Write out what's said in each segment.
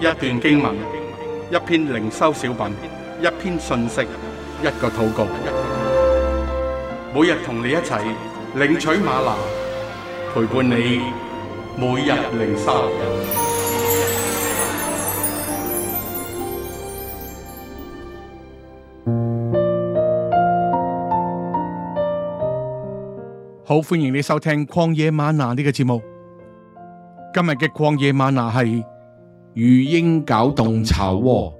一段經文，一篇靈修小品，一篇信息，一個禱告。每日同你一齊領取嗎哪，陪伴你每日靈修。好，歡迎你收聽《曠野嗎哪》呢個節目。今日嘅《曠野嗎哪》係，如鷹攪動巢窩。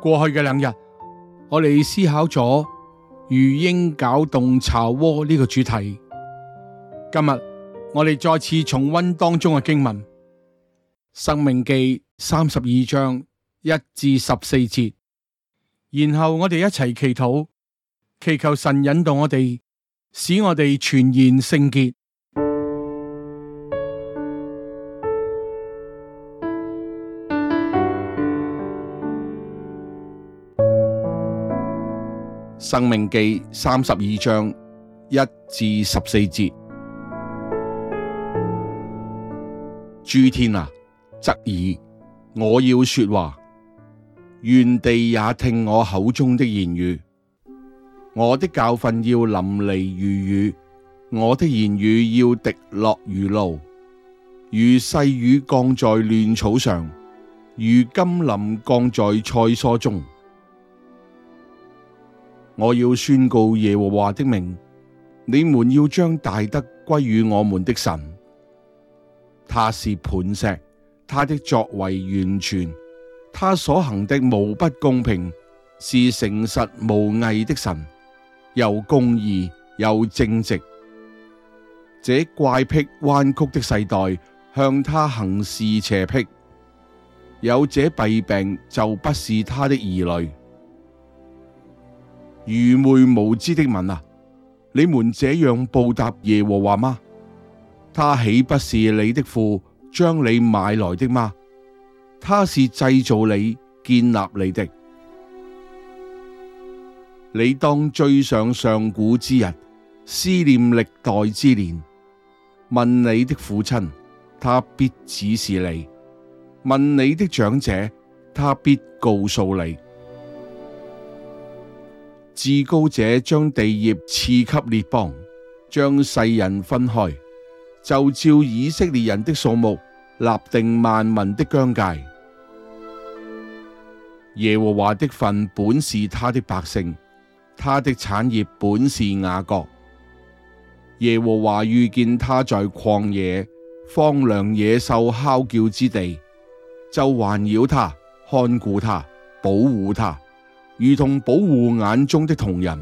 過去嘅兩日，我哋思考咗如鷹攪動巢窩呢個主題。今日我哋再次重温當中嘅經文《申命記》三十二章一至十四節，然後我哋一齊祈禱，祈求神引導我哋，使我哋全然聖潔。《申命記》三十二章一至十四節，諸天啊，側耳！我要說話，願地也聽我口中的言語。我的教訓要淋漓如雨，我的言語要滴落如露，如細雨降在亂草上，如甘霖降在菜蔬中。我要宣告耶和華的名，你們要將大德歸於我們的神。他是磐石，他的作為完全，他所行的無不公平，是誠實無偽的神，又公義又正直。這乖僻彎曲的世代向他行事邪僻，有這弊病就不是他的兒女。愚昧無知的民哪，你們這樣報答耶和華嗎？他豈不是你的父將你買來的嗎？他是製造你、建立你的。你當追想上古之日，思念歷代之年，問你的父親，他必指示你；問你的長者，他必告訴你。至高者將地業賜給列邦，將世人分開，就照以色列人的數目立定萬民的疆界。耶和華的份本是他的百姓，他的產業本是雅各。耶和華遇見他在曠野、荒涼野獸哮叫之地，就環繞他、看顧他、保護他。如同保護眼中的瞳人，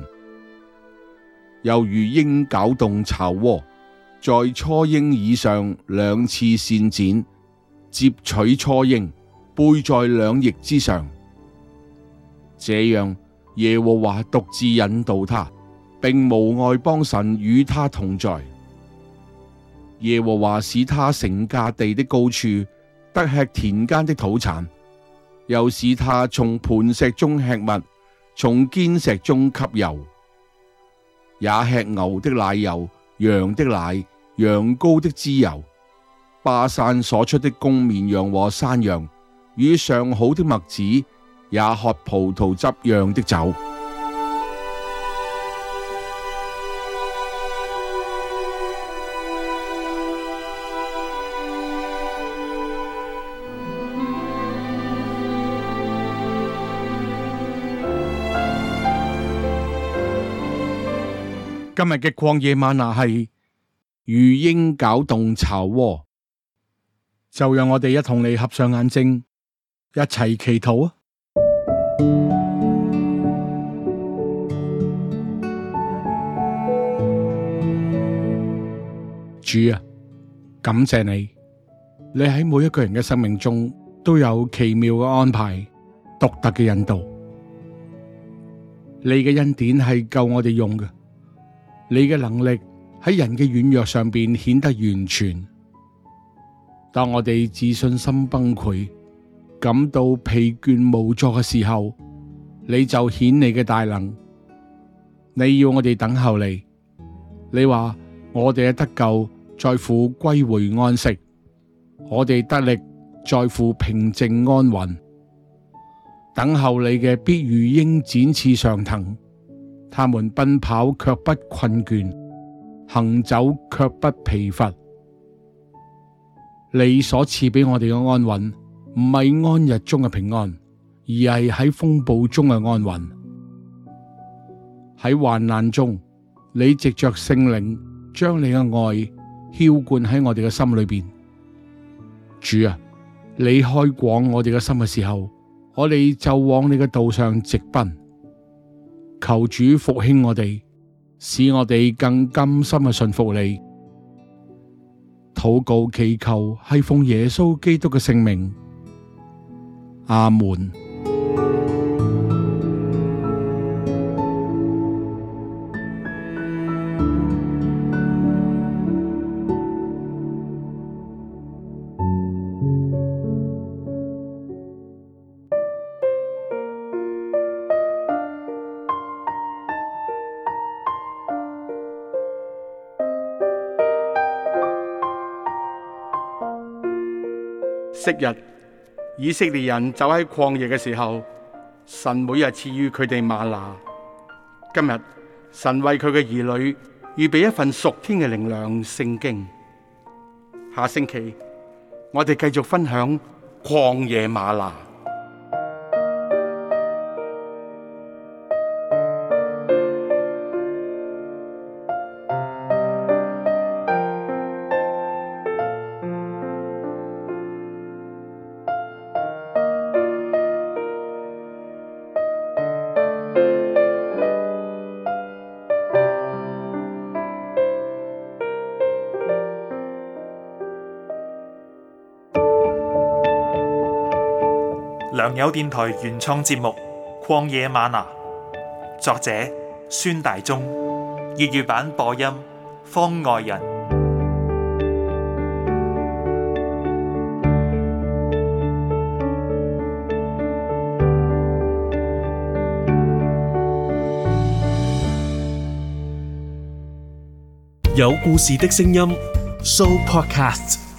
又如鷹攪動巢窩，在雛鷹以上兩翅搧展，接取雛鷹，背在兩翼之上。這樣耶和華獨自引導他，並無外邦神與他同在。耶和華使他乘駕地的高處，得吃田間的土產。又使他從磐石中吃蜜，從堅石中吸油，也吃牛的奶油、羊的奶、羊羔的脂油，巴珊所出的公綿羊和山羊，與上好的麥子，也喝葡萄汁釀的酒。今日嘅曠野嗎哪，係如鷹攪動巢窩，就讓我哋一同你合上眼睛，一齊祈禱啊！主啊，感謝你，你喺每一個人嘅生命中都有奇妙嘅安排、獨特嘅引導，你嘅恩典係夠我哋用嘅。你嘅能力喺人嘅軟弱上邊顯得完全。當我哋自信心崩潰、感到疲倦無助嘅時候，你就顯你嘅大能。你要我哋等候你。你話我哋嘅得救在乎歸回安息，我哋得力在乎平靜安穩。等候你嘅，必如鷹展翅上騰。他們奔跑卻不困倦，行走卻不疲乏。你所賜俾我哋嘅安穩，唔係安逸中嘅平安，而係喺風暴中嘅安穩。喺患難中，你藉着聖靈，將你嘅愛澆灌喺我哋嘅心裏邊。主啊，你開廣我哋嘅心嘅時候，我哋就往你嘅道上直奔。求主復興我哋，使我哋更甘心嘅信服你。禱告祈求係奉耶穌基督嘅聖名。阿門。昔日以色列人走喺曠野嘅時候，神每日賜予佢哋嗎哪。今日神為佢嘅兒女預備一份屬天嘅靈糧聖經。下星期我哋繼續分享曠野嗎哪。良友電台原創節目《曠野嗎哪》，作者孫大中，粵語版播音方外人，有故事的聲音，Show Podcast。